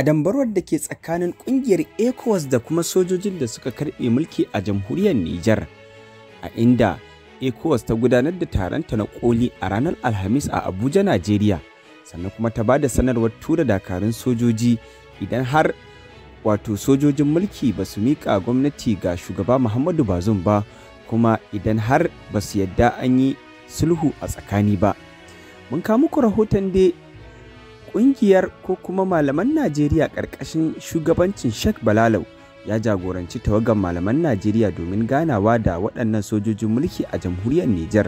a dambarwar da ke tsakanin kungiyar ECOWAS da kuma sojojin da suka karbe mulki a jamhuriyar Nijar, a inda ECOWAS ta gudanar da taronta na koli a ranar Alhamis a Abuja, Najeriya, sannan kuma ta ba da sanarwar tura dakarun sojoji idan har wato sojojin mulki ba su miƙa gwamnati ga shugaba Muhammadu Bazum ba, kuma idan har ba su yadda an yi sulhu a tsakani ba. Mun kawo muku rahoton dai Ƙungiyar ko kuma malaman Najeriya ƙarƙashin shugabancin Sheikh Balalau ya jagoranci tawagar malaman Najeriya domin ganawa da waɗannan sojojin mulki a jamhuriyar Nijar.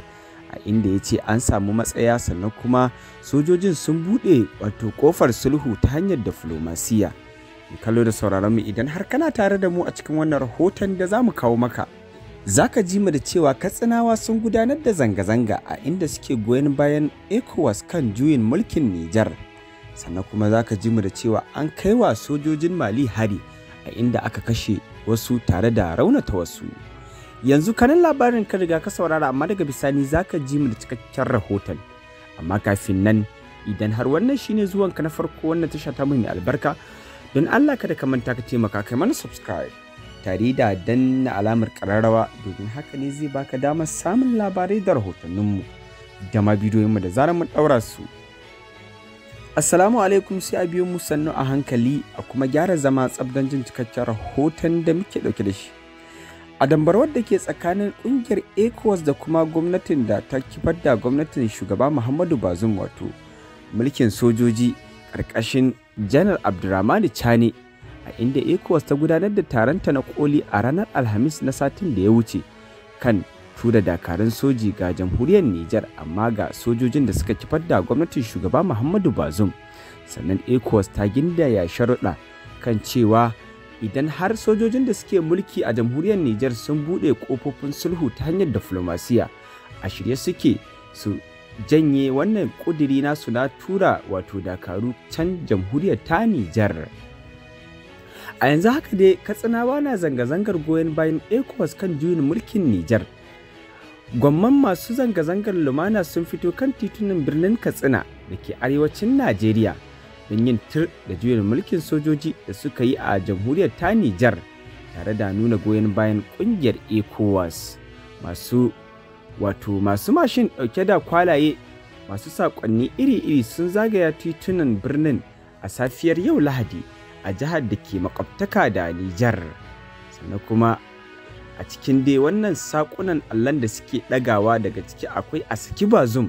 a inda ya ce an samu matsaya sannan kuma sojojin sun buɗe wato ƙofar sulhu ta hanyar diflomasiya kallo da sauraron mu idan har kana tare da mu a cikin wannan rahoton da za mu kawo maka za ka ji mu da cewa katsinawa sun gudanar da zanga-zanga a inda suke goyon bayan ecowas kan juyin mulkin nijar sannan kuma za ka ji mu da cewa an kai wa sojojin mali hari a inda aka kashe wasu tare da raunata wasu yanzu kanin labarin ka riga ka saurara amma daga bisani za ka ji mu da cikakken rahoton amma kafin nan idan har wannan shine zuwanka na farko wannan tasha ta mai albarka don allah kada ka manta ka taimaka kai mana subscribe tare da danna alamar kararrawa domin haka ne zai baka damar samun labarai da rahotanninmu da ma bidiyoyinmu da zarar mu daura su Assalamu alaikum sai a biyo mu sannu a hankali a kuma gyara zama tsabdan jin cikakken rahoton da muke ɗauke da shi. A dambarwar da ke tsakanin ƙungiyar ECOWAS da kuma gwamnatin da ta kifar da gwamnatin shugaba Muhammadu Bazum wato mulkin sojoji ƙarƙashin Janar Abdulrahman Chani a inda ECOWAS ta gudanar da taronta na koli a ranar Alhamis na satin da ya wuce kan tura dakarun soji ga jamhuriyar Nijar amma ga sojojin da suka kifar da gwamnatin shugaba Muhammadu Bazum. Sannan ECOWAS ta gindaya sharuɗa kan cewa idan har sojojin da suke mulki a jamhuriyar Nijar sun buɗe ƙofofin sulhu ta hanyar diflomasiya a shirye suke su janye wannan ƙudiri nasu na tura wato dakaru can jamhuriyar ta Nijar. A yanzu haka dai katsinawa na zanga-zangar goyon bayan ECOWAS kan juyin mulkin Nijar. Gwamman masu zanga-zangar lumana sun fito kan titunan birnin Katsina da ke arewacin Najeriya don yin tir da juyin mulkin sojoji da suka yi a jamhuriyar ta Nijar tare da nuna goyon bayan kungiyar ECOWAS. Masu wato masu mashin ɗauke da kwalaye masu saƙonni iri-iri sun zagaya titunan birnin a safiyar yau Lahadi a jihar da ke makwabtaka da Nijar. Sannan kuma a cikin dai wannan sakunan allon da suke ɗagawa daga ciki akwai a saki bazum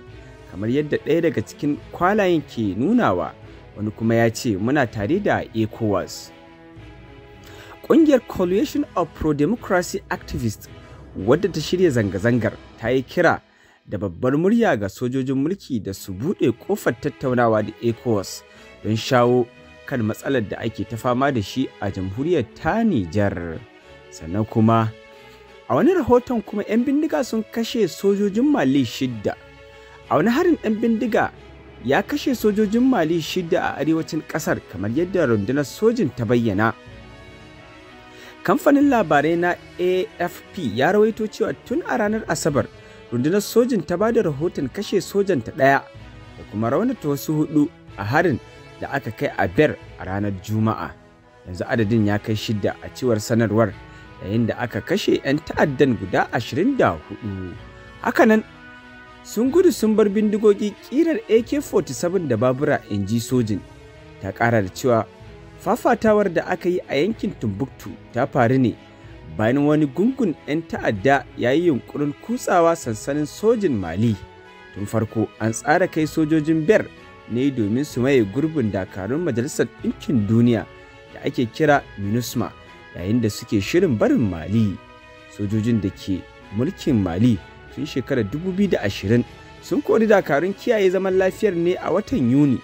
kamar yadda ɗaya daga cikin kwalayen ke nunawa wani kuma ya ce muna tare da ecowas ƙungiyar coalition of pro-democracy activists wadda ta shirya zanga-zangar ta yi kira da babbar murya ga sojojin mulki da su buɗe ƙofar tattaunawa da ecowas don shawo kan matsalar da ake ta fama da shi a jamhuriyar ta nijar sannan kuma A wani rahoton kuma 'yan bindiga sun kashe sojojin Mali shidda. A wani harin 'yan bindiga ya kashe sojojin Mali shidda a arewacin ƙasar kamar yadda rundunar sojin ta bayyana. Kamfanin labarai na AFP ya rawaito cewa tun a ranar Asabar rundunar sojin ta ba da rahoton kashe sojanta ɗaya da kuma raunata wasu hudu a harin da aka kai a Ber a ranar Juma'a. Yanzu adadin ya kai shidda a cewar sanarwar. yayin da aka kashe 'yan ta'addan guda 24 hakanan sun gudu sun bar bindigogi kirar ak-47 da babura in sojin ta ƙara da cewa fafatawar da aka yi a yankin tumbuktu ta faru ne bayan wani gungun 'yan ta'adda ya yi yunkurin kutsawa sansanin sojin Mali. Tun farko an tsara kai sojojin biyar ne domin su maye gurbin dakarun Majalisar Ɗinkin Duniya da ake kira MINUSMA yayin da suke shirin barin mali sojojin da ke mulkin mali tun shekarar 2020 sun kori dakarun kiyaye zaman lafiyar ne a watan yuni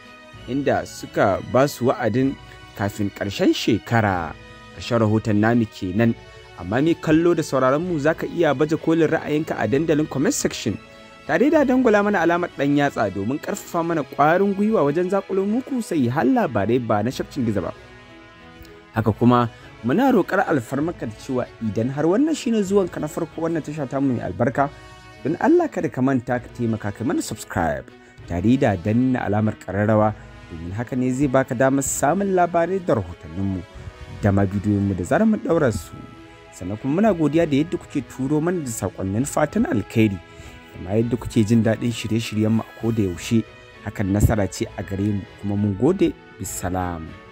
inda suka ba su wa'adin kafin ƙarshen shekara ƙarshen rahoton namu kenan amma mai kallo da sauraron mu zaka iya baje kolin ra'ayinka a dandalin comment section tare da dangula mana alamar ɗan yatsa domin karfafa mana ƙwarin gwiwa wajen zakulo muku sai har labarai ba na shafcin giza ba haka kuma muna roƙar alfarmaka da cewa idan har wannan shine zuwanka na farko wannan tasha ta mai albarka don Allah kada ka manta ka taimaka ka mana subscribe tare da danna alamar ƙararrawa domin haka ne zai baka damar samun labarai da rahotanninmu da ma da zarar mun ɗaura su sannan kuma muna godiya da yadda kuke turo mana da sakonnin fatan alkhairi da yadda kuke jin daɗin shirye-shiryenmu a da yaushe hakan nasara ce a gare mu kuma mun gode bisalamu